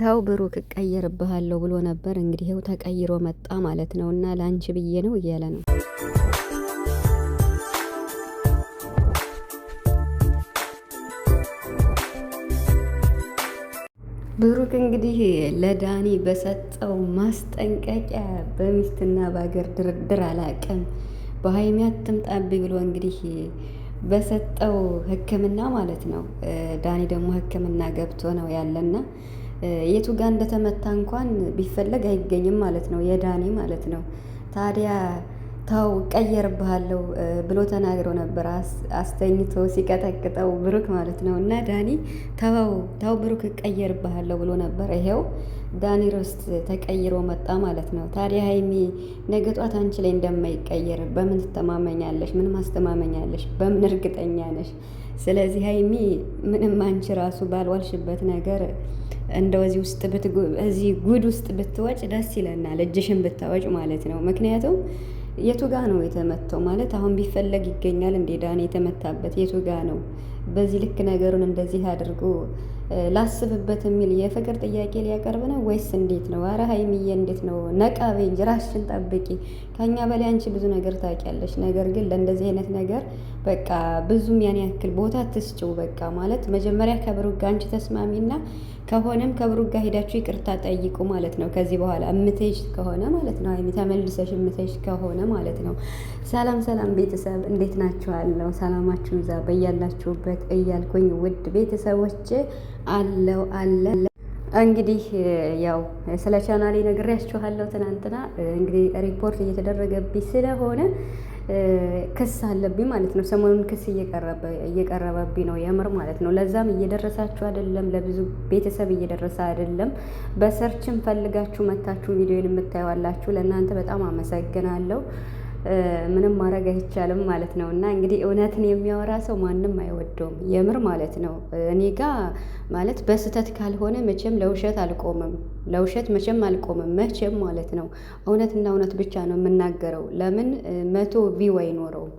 ተው ብሩክ እቀየርብሃለሁ ብሎ ነበር። እንግዲህ ይኸው ተቀይሮ መጣ ማለት ነው። እና ለአንቺ ብዬ ነው እያለ ነው። ብሩክ እንግዲህ ለዳኒ በሰጠው ማስጠንቀቂያ በሚስትና በአገር ድርድር አላቅም በሀይሚ አትምጣብኝ ብሎ እንግዲህ በሰጠው ሕክምና ማለት ነው። ዳኒ ደግሞ ሕክምና ገብቶ ነው ያለና የቱ ጋር እንደተመታ እንኳን ቢፈለግ አይገኝም ማለት ነው፣ የዳኒ ማለት ነው። ታዲያ ታው ቀየርብሃለሁ ብሎ ተናግሮ ነበር፣ አስተኝቶ ሲቀጠቅጠው ብሩክ ማለት ነው። እና ዳኒ ተው ታው ብሩክ ቀየርብሃለሁ ብሎ ነበር። ይሄው ዳኒ ሮስት ተቀይሮ መጣ ማለት ነው። ታዲያ ሀይሚ ነገ ጧት አንቺ ላይ እንደማይቀየር በምን ትተማመኛለሽ? ምን ማስተማመኛለሽ? በምን እርግጠኛ ነሽ? ስለዚህ ሀይሚ ምንም አንቺ ራሱ ባልዋልሽበት ነገር እንደው ውስጥ እዚህ ጉድ ውስጥ ብትወጭ ደስ ይለናል፣ እጅሽን ብታወጭ ማለት ነው። ምክንያቱም የቱ ጋ ነው የተመተው ማለት አሁን ቢፈለግ ይገኛል እንዴ? የተመታበት የቱ ጋ ነው? በዚህ ልክ ነገሩን እንደዚህ አድርጎ ላስብበት የሚል የፍቅር ጥያቄ ሊያቀርብ ነው ወይስ እንዴት ነው? አረ ሀይሚዬ እንዴት ነው? ነቃ በይ እንጂ ራስሽን ጠብቂ። ከኛ በላይ አንቺ ብዙ ነገር ታውቂያለሽ። ነገር ግን ለእንደዚህ አይነት ነገር በቃ ብዙም ያን ያክል ቦታ ትስጭው። በቃ ማለት መጀመሪያ ከብሩጋ አንቺ ተስማሚና ከሆነም ከብሩጋ ሄዳችሁ ይቅርታ ጠይቁ ማለት ነው። ከዚህ በኋላ እምትሄጂ ከሆነ ማለት ነው ሀይሚ ተመልሰሽ እምትሄጂ ከሆነ ማለት ነው። ሰላም ሰላም ቤተሰብ እንዴት ናችኋለሁ? ሰላማችሁ ዛ በያላችሁበት እያልኩኝ ውድ ቤተሰቦቼ አለው አለ እንግዲህ ያው ስለ ቻናሌ ነግሬያችኋለሁ ትናንትና። እንግዲህ ሪፖርት እየተደረገብኝ ስለሆነ ክስ አለብኝ ማለት ነው። ሰሞኑን ክስ እየቀረበብኝ ነው የምር ማለት ነው። ለዛም እየደረሳችሁ አይደለም፣ ለብዙ ቤተሰብ እየደረሰ አይደለም። በሰርችም ፈልጋችሁ መታችሁ ቪዲዮን የምታየዋላችሁ ለእናንተ በጣም አመሰግናለሁ። ምንም ማድረግ አይቻልም ማለት ነው። እና እንግዲህ እውነትን የሚያወራ ሰው ማንም አይወደውም የምር ማለት ነው። እኔ ጋ ማለት በስህተት ካልሆነ መቼም ለውሸት አልቆምም፣ ለውሸት መቼም አልቆምም፣ መቼም ማለት ነው። እውነትና እውነት ብቻ ነው የምናገረው። ለምን መቶ ቪው አይኖረውም።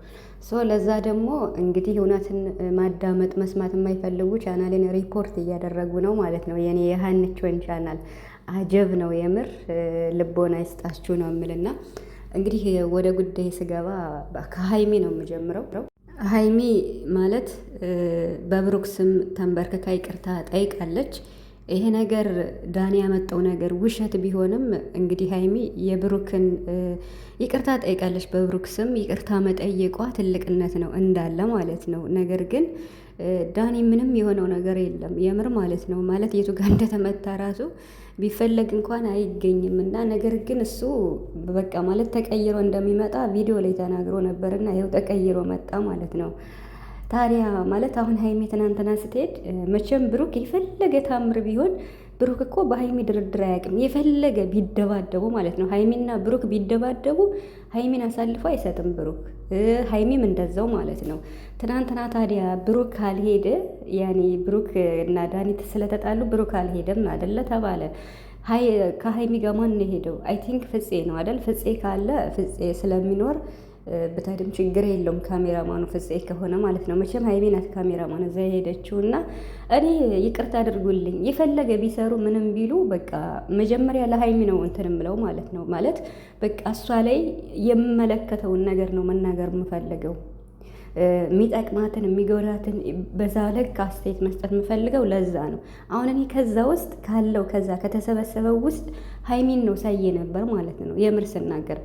ሶ ለዛ ደግሞ እንግዲህ እውነትን ማዳመጥ መስማት የማይፈልጉ ቻናሌን ሪፖርት እያደረጉ ነው ማለት ነው። የኔ የሀንቾን ቻናል አጀብ ነው የምር ልቦና ይስጣችሁ ነው የምልና እንግዲህ ወደ ጉዳይ ስገባ ከሀይሚ ነው የምጀምረው። ሀይሚ ማለት በብሩክ ስም ተንበርክካ ይቅርታ ጠይቃለች። ይሄ ነገር ዳኒ ያመጣው ነገር ውሸት ቢሆንም እንግዲህ ሀይሚ የብሩክን ይቅርታ ጠይቃለች። በብሩክ ስም ይቅርታ መጠየቋ ትልቅነት ነው እንዳለ ማለት ነው። ነገር ግን ዳኒ ምንም የሆነው ነገር የለም የምር ማለት ነው። ማለት የቱ ጋር እንደተመታ ራሱ ቢፈለግ እንኳን አይገኝም እና ነገር ግን እሱ በቃ ማለት ተቀይሮ እንደሚመጣ ቪዲዮ ላይ ተናግሮ ነበርና ይኸው ተቀይሮ መጣ ማለት ነው። ታዲያ ማለት አሁን ሀይሚ ትናንትና ስትሄድ መቼም ብሩክ የፈለገ ታምር ቢሆን ብሩክ እኮ በሀይሚ ድርድር አያውቅም። የፈለገ ቢደባደቡ ማለት ነው ሀይሚና ብሩክ ቢደባደቡ ሀይሚን አሳልፎ አይሰጥም ብሩክ፣ ሀይሚም እንደዛው ማለት ነው። ትናንትና ታዲያ ብሩክ አልሄደ ያኔ ብሩክ እና ዳኒት ስለተጣሉ ብሩክ አልሄደም አደለ ተባለ። ከሀይሚ ጋር ማን ሄደው? አይ ቲንክ ፍፄ ነው አደል? ፍፄ ካለ ፍፄ ስለሚኖር ብታድም ችግር የለውም። ካሜራማኑ ፍፄ ከሆነ ማለት ነው። መቼም ሀይሜ ናት ካሜራማን እዛ የሄደችው እና እኔ ይቅርታ አድርጉልኝ። የፈለገ ቢሰሩ ምንም ቢሉ በቃ መጀመሪያ ለሀይሚ ነው እንትን ምለው ማለት ነው። ማለት በቃ እሷ ላይ የምመለከተውን ነገር ነው መናገር የምፈልገው። የሚጠቅማትን የሚጎዳትን በዛ ልክ አስተያየት መስጠት የምፈልገው ለዛ ነው። አሁን እኔ ከዛ ውስጥ ካለው ከዛ ከተሰበሰበው ውስጥ ሀይሚን ነው ሳዬ ነበር ማለት ነው። የምር ስናገር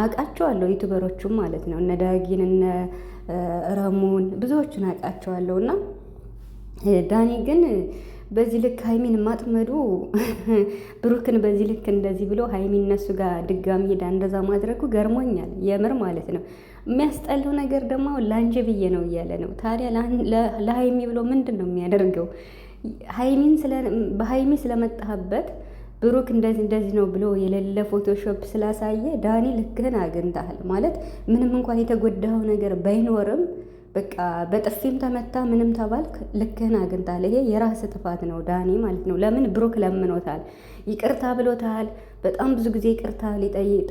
አውቃቸዋለሁ፣ ዩቱበሮቹም ማለት ነው እነ ዳጊን እነ ረሙን ብዙዎቹን አውቃቸዋለሁ እና ዳኒ ግን በዚህ ልክ ሀይሚን ማጥመዱ ብሩክን በዚህ ልክ እንደዚህ ብሎ ሀይሚን እነሱ ጋር ድጋሚ ሄዳ እንደዛ ማድረጉ ገርሞኛል፣ የምር ማለት ነው። የሚያስጠላው ነገር ደግሞ ላንጀ ብዬ ነው እያለ ነው። ታዲያ ለሀይሚ ብሎ ምንድን ነው የሚያደርገው? ሀይሚን በሀይሚ ስለመጣህበት ብሩክ እንደዚህ እንደዚህ ነው ብሎ የሌለ ፎቶሾፕ ስላሳየ ዳኒ ልክህን አግኝተሃል ማለት ምንም እንኳን የተጎዳኸው ነገር ባይኖርም በቃ በጥፊም ተመታ ምንም ተባልክ ልክህን አግኝታል። ይሄ የራስ ጥፋት ነው ዳኒ ማለት ነው። ለምን ብሩክ ለምኖታል፣ ይቅርታ ብሎታል። በጣም ብዙ ጊዜ ይቅርታ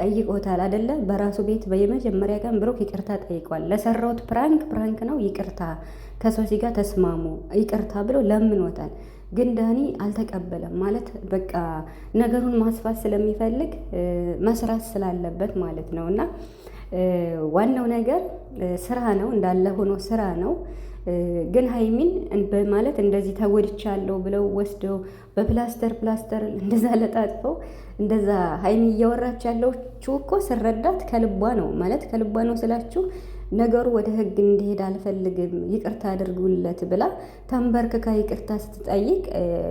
ጠይቆታል አደለ? በራሱ ቤት በየመጀመሪያ ቀን ብሩክ ይቅርታ ጠይቋል። ለሰራውት ፕራንክ ፕራንክ ነው ይቅርታ፣ ከሶሲ ጋር ተስማሙ ይቅርታ ብሎ ለምኖታል። ግን ዳኒ አልተቀበለም። ማለት በቃ ነገሩን ማስፋት ስለሚፈልግ መስራት ስላለበት ማለት ነው እና ዋናው ነገር ስራ ነው እንዳለ ሆኖ ስራ ነው። ግን ሀይሚን በማለት እንደዚህ ተጎድቻለሁ ብለው ወስደው በፕላስተር ፕላስተር እንደዛ ለጣጥፈው እንደዛ ሀይሚ እያወራች ያለችው እኮ ስረዳት ከልቧ ነው ማለት ከልቧ ነው ስላችሁ ነገሩ ወደ ህግ እንዲሄድ አልፈልግም፣ ይቅርታ አድርጉለት ብላ ተንበርክካ ይቅርታ ስትጠይቅ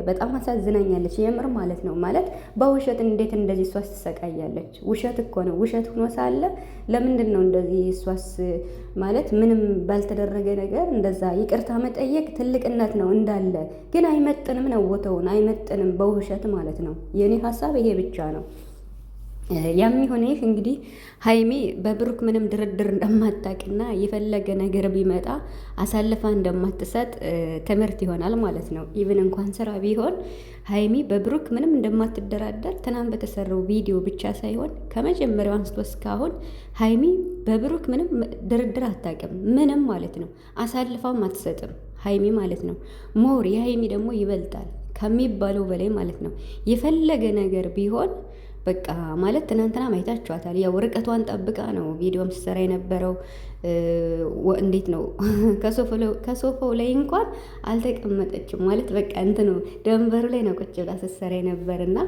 በጣም አሳዝናኛለች። የምር ማለት ነው። ማለት በውሸት እንዴት እንደዚህ እሷስ ትሰቃያለች? ውሸት እኮ ነው። ውሸት ሆኖ ሳለ ለምንድን ነው እንደዚህ እሷስ ማለት ምንም ባልተደረገ ነገር እንደዛ ይቅርታ መጠየቅ ትልቅነት ነው እንዳለ ግን አይመጥንም ነው ቦታውን አይመጥንም፣ በውሸት ማለት ነው። የእኔ ሀሳብ ይሄ ብቻ ነው። የሚሆንህ እንግዲህ ሀይሜ በብሩክ ምንም ድርድር እንደማታቅና የፈለገ ነገር ቢመጣ አሳልፋ እንደማትሰጥ ትምህርት ይሆናል ማለት ነው። ኢቭን እንኳን ስራ ቢሆን ሀይሜ በብሩክ ምንም እንደማትደራደር ትናንት በተሰራው ቪዲዮ ብቻ ሳይሆን ከመጀመሪያው አንስቶ እስካሁን ሀይሜ በብሩክ ምንም ድርድር አታቅም። ምንም ማለት ነው። አሳልፋም አትሰጥም ሀይሜ ማለት ነው። ሞር የሀይሜ ደግሞ ይበልጣል ከሚባለው በላይ ማለት ነው። የፈለገ ነገር ቢሆን በቃ ማለት ትናንትና ማየታችኋታል። ያው ርቀቷን ጠብቃ ነው ቪዲዮም ሲሰራ የነበረው። እንዴት ነው ከሶፋው ላይ እንኳን አልተቀመጠችም ማለት በቃ እንትኑ ደንበሩ ላይ ነው ቁጭ ብላ ስትሰራ የነበር እና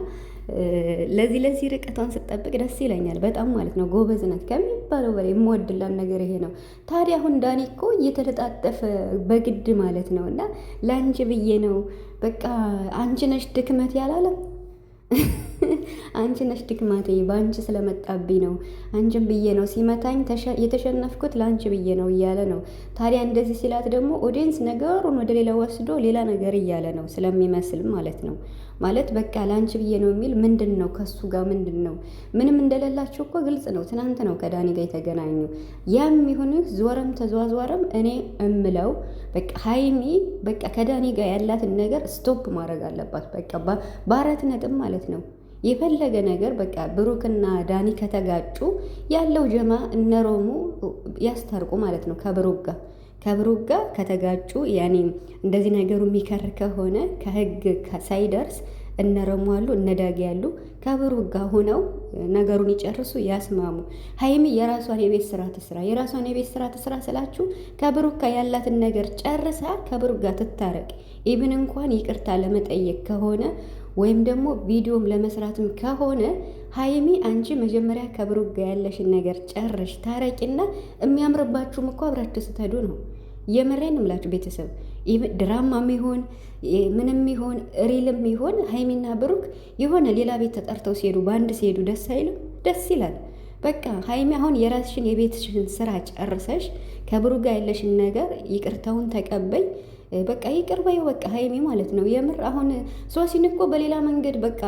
ለዚህ ለዚህ ርቀቷን ስጠብቅ ደስ ይለኛል በጣም ማለት ነው። ጎበዝ ናት ከሚባለው በላይ የምወድላን ነገር ይሄ ነው። ታዲያ አሁን ዳኒ እኮ እየተለጣጠፈ በግድ ማለት ነው እና ለአንቺ ብዬ ነው በቃ አንቺ ነሽ ድክመት ያላለም አንቺ ነሽ ድክማቴ፣ በአንቺ ስለመጣብኝ ነው። አንቺን ብዬ ነው ሲመታኝ የተሸነፍኩት ለአንቺ ብዬ ነው እያለ ነው። ታዲያ እንደዚህ ሲላት ደግሞ ኦዲየንስ ነገሩን ወደ ሌላ ወስዶ ሌላ ነገር እያለ ነው ስለሚመስል ማለት ነው። ማለት በቃ ለአንቺ ብዬ ነው የሚል ምንድን ነው ከሱ ጋር ምንድን ነው? ምንም እንደሌላቸው እኮ ግልጽ ነው። ትናንት ነው ከዳኒ ጋር የተገናኙ። ያም ይሁን ዞረም ተዘዋዝዋረም እኔ እምለው በቃ ሀይሚ በቃ ከዳኒ ጋር ያላትን ነገር ስቶፕ ማድረግ አለባት። በቃ በአራት ነጥብ ማለት ነው የፈለገ ነገር በቃ ብሩክና ዳኒ ከተጋጩ ያለው ጀማ እነሮሙ ያስታርቁ ማለት ነው ከብሩክ ጋር ከብሩክ ጋር ከተጋጩ ያኔ እንደዚህ ነገሩ የሚከር ከሆነ ከህግ ሳይደርስ እነ ረሙ አሉ ያሉ ከብሩክ ጋር ሆነው ነገሩን ይጨርሱ፣ ያስማሙ። ሀይሚ የራሷን የቤት ስራ ትስራ፣ የራሷን የቤት ስራ ትስራ ስላችሁ ከብሩክ ጋር ያላትን ነገር ጨርሳ ከብሩክ ጋር ትታረቅ። ኢብን እንኳን ይቅርታ ለመጠየቅ ከሆነ ወይም ደግሞ ቪዲዮም ለመስራትም ከሆነ ሀይሚ አንቺ መጀመሪያ ከብሩክ ጋ ያለሽን ነገር ጨርሽ ታረቂና የሚያምርባችሁም እኮ አብራችሁ ስትሄዱ ነው። የምሬን እምላችሁ ቤተሰብ ድራማም ይሆን ምንም ይሆን ሪልም ይሆን ሀይሚና ብሩክ የሆነ ሌላ ቤት ተጠርተው ሲሄዱ በአንድ ሲሄዱ ደስ አይልም? ደስ ይላል። በቃ ሀይሚ አሁን የራስሽን የቤትሽን ስራ ጨርሰሽ ከብሩክ ጋ ያለሽን ነገር ይቅርታውን ተቀበይ። በቃ ይቅር በይው በቃ ማለት ነው። የምር አሁን ሶሲን እኮ በሌላ መንገድ በቃ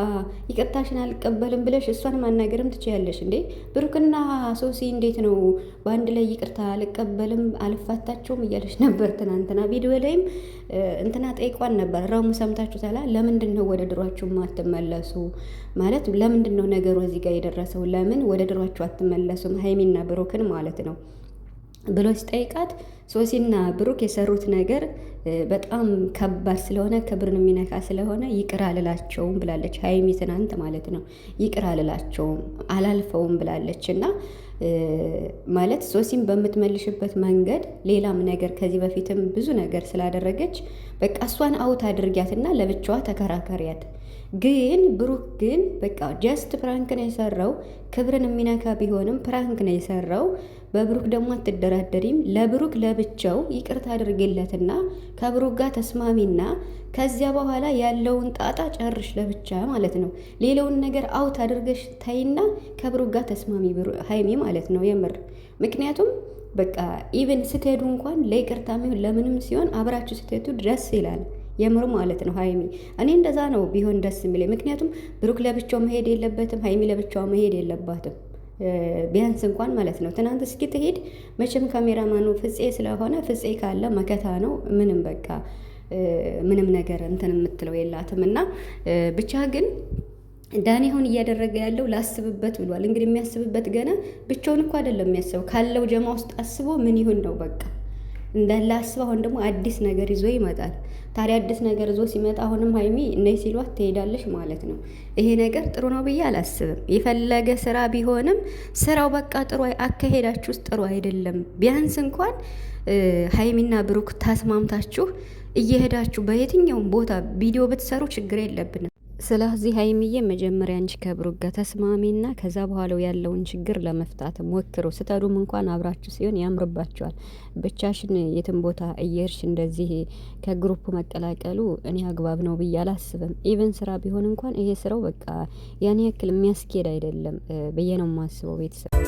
ይቅርታሽን አልቀበልም ብለሽ እሷን ማናገርም ትችያለሽ እንዴ። ብሩክና ሶሲ እንዴት ነው በአንድ ላይ ይቅርታ አልቀበልም አልፋታቸውም እያለች ነበር ትናንትና። ቪዲዮ ላይም እንትና ጠይቋን ነበር ረሙ ሰምታችሁ ታላ ለምንድን ነው ወደ ድሯችሁ አትመለሱ ማለት ለምንድን ነው ነገሩ እዚህ ጋር የደረሰው? ለምን ወደ ድሯችሁ አትመለሱም? ሀይሚና ብሩክን ማለት ነው ብሎ ሲጠይቃት ሶሲና ብሩክ የሰሩት ነገር በጣም ከባድ ስለሆነ ክብርን የሚነካ ስለሆነ ይቅር አልላቸውም ብላለች። ሀይሚ ትናንት ማለት ነው ይቅር አልላቸውም አላልፈውም ብላለች። እና ማለት ሶሲም በምትመልሽበት መንገድ ሌላም ነገር ከዚህ በፊትም ብዙ ነገር ስላደረገች በቃ እሷን አውት አድርጊያትና ለብቻዋ ተከራከሪያት። ግን ብሩክ ግን በቃ ጀስት ፕራንክ ነው የሰራው። ክብርን የሚነካ ቢሆንም ፕራንክ ነው የሰራው። በብሩክ ደግሞ አትደራደሪም። ለብሩክ ለብቻው ይቅርታ አድርጌለትና ከብሩክ ጋር ተስማሚና ከዚያ በኋላ ያለውን ጣጣ ጨርሽ ለብቻ ማለት ነው። ሌላውን ነገር አውት አድርገሽ ታይና ከብሩክ ጋር ተስማሚ ሀይሚ ማለት ነው የምር ምክንያቱም በቃ ኢቨን ስትሄዱ እንኳን ለይቅርታ ይሁን ለምንም ሲሆን አብራችሁ ስትሄዱ ደስ ይላል። የምሩ ማለት ነው ሀይሚ። እኔ እንደዛ ነው ቢሆን ደስ የሚለኝ። ምክንያቱም ብሩክ ለብቻው መሄድ የለበትም፣ ሀይሚ ለብቻው መሄድ የለባትም። ቢያንስ እንኳን ማለት ነው ትናንት እስኪ ትሄድ መቼም ካሜራማኑ ፍፄ ስለሆነ ፍፄ ካለ መከታ ነው። ምንም በቃ ምንም ነገር እንትን የምትለው የላትም እና ብቻ ግን ዳኒ አሁን እያደረገ ያለው ላስብበት ብሏል። እንግዲህ የሚያስብበት ገና ብቻውን እኮ አይደለም የሚያስበው ካለው ጀማ ውስጥ አስቦ ምን ይሁን ነው በቃ እንደላስበ አሁን ደግሞ አዲስ ነገር ይዞ ይመጣል። ታዲያ አዲስ ነገር ይዞ ሲመጣ አሁንም ሀይሚ ነይ ሲሏት ትሄዳለሽ ማለት ነው። ይሄ ነገር ጥሩ ነው ብዬ አላስብም። የፈለገ ስራ ቢሆንም ስራው በቃ ጥሩ አካሄዳችሁ ውስጥ ጥሩ አይደለም። ቢያንስ እንኳን ሀይሚና ብሩክ ተስማምታችሁ እየሄዳችሁ በየትኛውም ቦታ ቪዲዮ ብትሰሩ ችግር የለብንም። ስለዚህ ሀይሚዬ መጀመሪያ አንቺ ከብሩክ ጋር ተስማሚና ከዛ በኋላው ያለውን ችግር ለመፍታት ሞክሩ። ስተዱም እንኳን አብራችሁ ሲሆን ያምርባችኋል። ብቻሽን የትም ቦታ እየርሽ እንደዚህ ከግሩፕ መቀላቀሉ እኔ አግባብ ነው ብዬ አላስብም። ኢቨን ስራ ቢሆን እንኳን ይሄ ስራው በቃ ያን ያክል የሚያስኬድ አይደለም ብዬ ነው የማስበው ቤተሰብ